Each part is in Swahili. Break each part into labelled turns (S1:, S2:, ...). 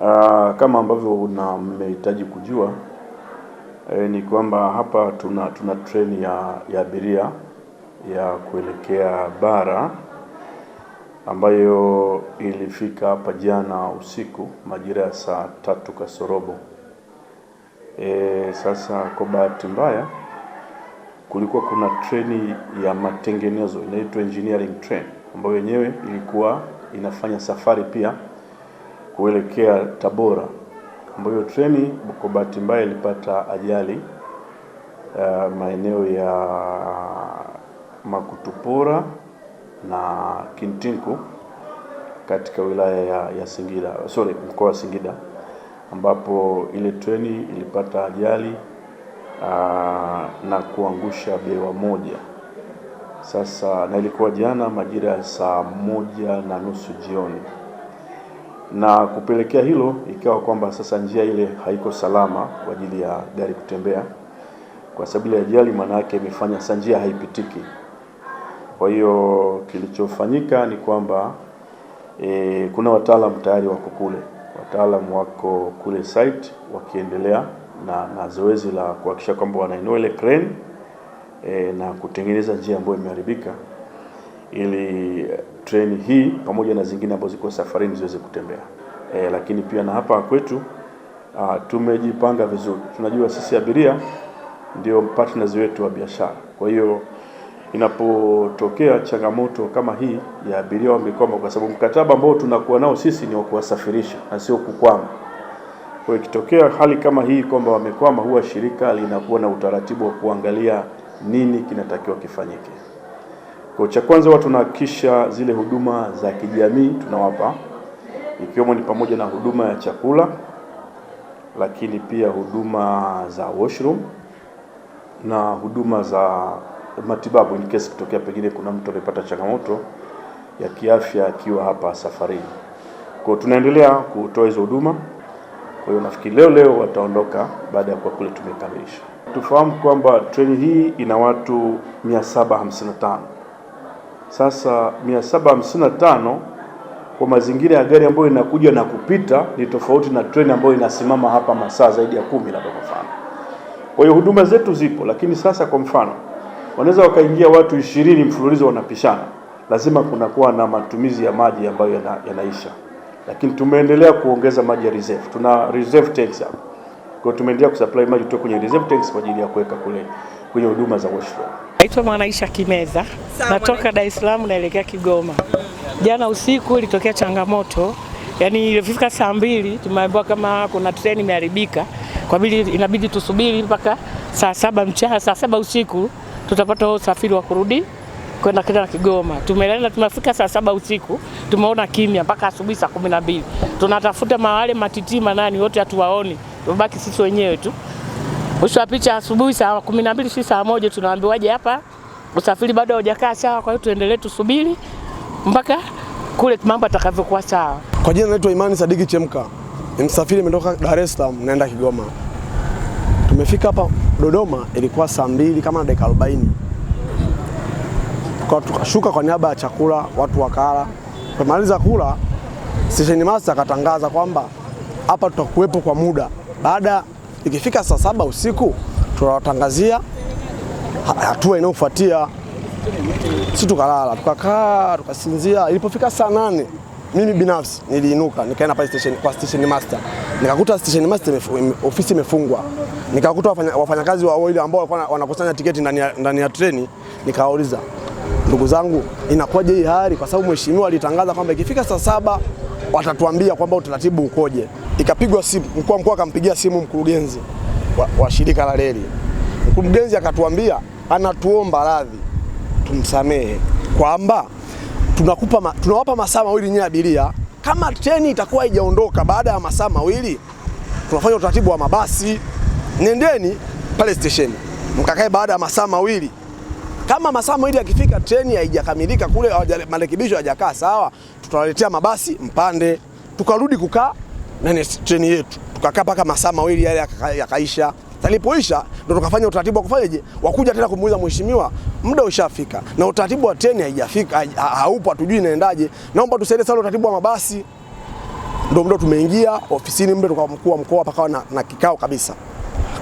S1: Uh, kama ambavyo una mmehitaji kujua e, ni kwamba hapa tuna tuna treni ya ya abiria ya kuelekea bara ambayo ilifika hapa jana usiku majira ya saa tatu kasorobo. E, sasa kwa bahati mbaya kulikuwa kuna treni ya matengenezo inaitwa engineering train ambayo yenyewe ilikuwa inafanya safari pia kuelekea Tabora, ambayo treni kwa bahati mbaya ilipata ajali uh, maeneo ya Makutupora na Kintinku katika wilaya ya, ya Singida sorry, mkoa wa Singida ambapo ile treni ilipata ajali aa, eh, na kuangusha bewa moja. Sasa na ilikuwa jana majira ya saa moja na nusu jioni na kupelekea hilo ikawa kwamba sasa njia ile haiko salama kwa ajili ya gari kutembea, kwa sababu ya ajali maana yake imefanya sasa njia haipitiki. Kwa hiyo kilichofanyika ni kwamba e, kuna wataalamu tayari wako kule, wataalamu wako kule site wakiendelea na, na zoezi la kuhakikisha kwamba wanainua ile crane e, na kutengeneza njia ambayo imeharibika ili eh, treni hii pamoja na zingine ambazo ziko safarini ziweze kutembea. E, lakini pia na hapa kwetu a, ah, tumejipanga vizuri. Tunajua sisi abiria ndio partners wetu wa biashara, kwa hiyo inapotokea changamoto kama hii ya abiria wamekwama, kwa sababu mkataba ambao tunakuwa nao sisi ni wa kuwasafirisha na sio kukwama. Kwa hiyo ikitokea hali kama hii kwamba wamekwama, huwa shirika linakuwa na utaratibu wa kuangalia nini kinatakiwa kifanyike. Kwa cha kwanza, watu tunahakikisha zile huduma za kijamii tunawapa, ikiwemo ni pamoja na huduma ya chakula, lakini pia huduma za washroom na huduma za matibabu in case kutokea pengine kuna mtu amepata changamoto ya kiafya akiwa hapa safarini. Kwa tunaendelea kutoa hizo huduma. Kwa hiyo nafikiri leo leo wataondoka baada ya kuwa kule tumekamilisha. Tufahamu kwamba treni hii ina watu 755. Sasa 755 kwa mazingira ya gari ambayo inakuja na kupita ni tofauti na treni ambayo inasimama hapa masaa zaidi ya kumi labda kwa mfano. Kwa hiyo huduma zetu zipo, lakini sasa kwa mfano wanaweza wakaingia watu ishirini mfululizo wanapishana, lazima kunakuwa na matumizi ya maji ambayo yana, yanaisha. Lakini tumeendelea kuongeza maji ya reserve, tuna reserve tanks hapa, kwa tumeendelea kusupply maji kutoka kwenye reserve tanks kwa ajili ya kuweka kule kwenye huduma za washroom.
S2: Naitwa Mwanaisha Kimeza, natoka Dar es Salaam naelekea Kigoma. Jana usiku ilitokea changamoto, yaani ilifika saa mbili tumeambiwa kama kuna treni imeharibika, kwa vile inabidi tusubiri mpaka saa saba mchana, saa saba usiku tutapata usafiri wa kurudi kwenda kwenda na Kigoma. Tumelala tumefika saa saba usiku, tumeona kimya mpaka asubuhi saa kumi na mbili. Tunatafuta mawale matitima nani wote hatuwaoni, tumebaki sisi wenyewe tu. Mwisho wa picha asubuhi saa kumi na mbili si saa moja tunaambiwaje hapa usafiri bado haujakaa sawa, kwa hiyo tuendelee tusubiri mpaka kule mambo atakavyokuwa sawa.
S3: Kwa jina naitwa Imani Sadiki Chemka, ni msafiri nimetoka Dar es Salaam naenda Kigoma. Tumefika hapa Dodoma ilikuwa saa mbili kama na dakika 40. Kwa tukashuka kwa niaba ya chakula, watu wakala. Tumaliza kula, station master akatangaza kwamba hapa tutakuwepo kwa muda baada Ikifika saa saba usiku tunawatangazia hatua inayofuatia. Si tukalala tukakaa tukasinzia. Ilipofika saa nane mimi binafsi niliinuka nikaenda pale station, kwa station master nikakuta station master ofisi imefungwa, nikakuta wafanyakazi wafanya wawili ambao walikuwa wanakusanya tiketi ndani ya treni. Nikawauliza, ndugu zangu, inakuwaje hii hali? Kwa sababu mheshimiwa alitangaza kwamba ikifika saa saba watatuambia kwamba utaratibu ukoje ikapigwa simu, mkuu wa mkoa akampigia simu mkurugenzi wa, wa shirika la reli. Mkurugenzi akatuambia anatuomba radhi tumsamehe kwamba tunakupa ma, tunawapa masaa mawili nyie abiria, kama treni itakuwa haijaondoka baada ya masaa mawili tunafanya utaratibu wa mabasi, nendeni pale station mkakae baada ya masaa mawili kama masaa mawili yakifika treni haijakamilika kule, marekebisho hayajakaa sawa, tutawaletea mabasi mpande. Tukarudi kukaa nane treni yetu, tukakaa mpaka masaa mawili yale yakaisha. Talipoisha ndo tukafanya utaratibu wa kufanyaje, wakuja tena kumuuliza mheshimiwa, muda ushafika na utaratibu wa treni haijafika, haupo, hatujui inaendaje, naomba tusaidie sana utaratibu wa mabasi. Ndo muda tumeingia ofisini mle, tukawa mkuu wa mkoa pakawa na, na kikao kabisa,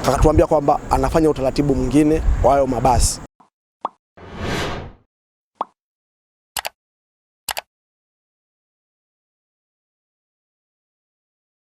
S3: akatuambia kwamba anafanya utaratibu mwingine wa hayo mabasi.